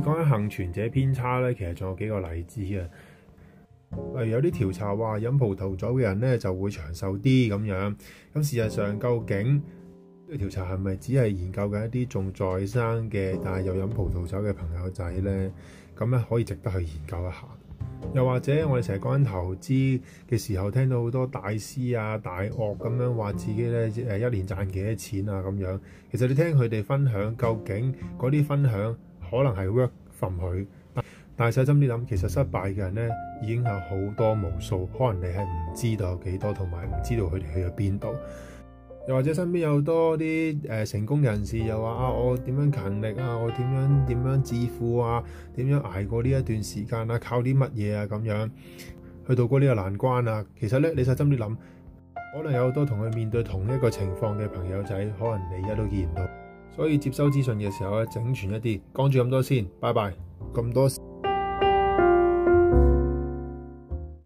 講緊幸存者偏差咧，其實仲有幾個例子啊。例如有啲調查話飲葡萄酒嘅人咧就會長壽啲咁樣。咁事實上究竟呢個調查係咪只係研究緊一啲仲在生嘅，但係又飲葡萄酒嘅朋友仔咧？咁咧可以值得去研究一下。又或者我哋成日講緊投資嘅時候，聽到好多大師啊、大鱷咁樣話自己咧誒一年賺幾多錢啊咁樣。其實你聽佢哋分享，究竟嗰啲分享？可能係 work permit，但係細心啲諗，其實失敗嘅人咧已經有好多無數，可能你係唔知道有幾多，同埋唔知道佢哋去咗邊度。又或者身邊有多啲誒、呃、成功人士又，又話啊，我點樣勤力啊，我點樣點樣致富啊，點樣捱過呢一段時間啊，靠啲乜嘢啊咁樣去渡過呢個難關啊。其實咧，你細心啲諗，可能有好多同佢面對同一個情況嘅朋友仔，可能你而家都見唔到。所以接收資訊嘅時候咧，整全一啲，講住咁多先，拜拜，咁多。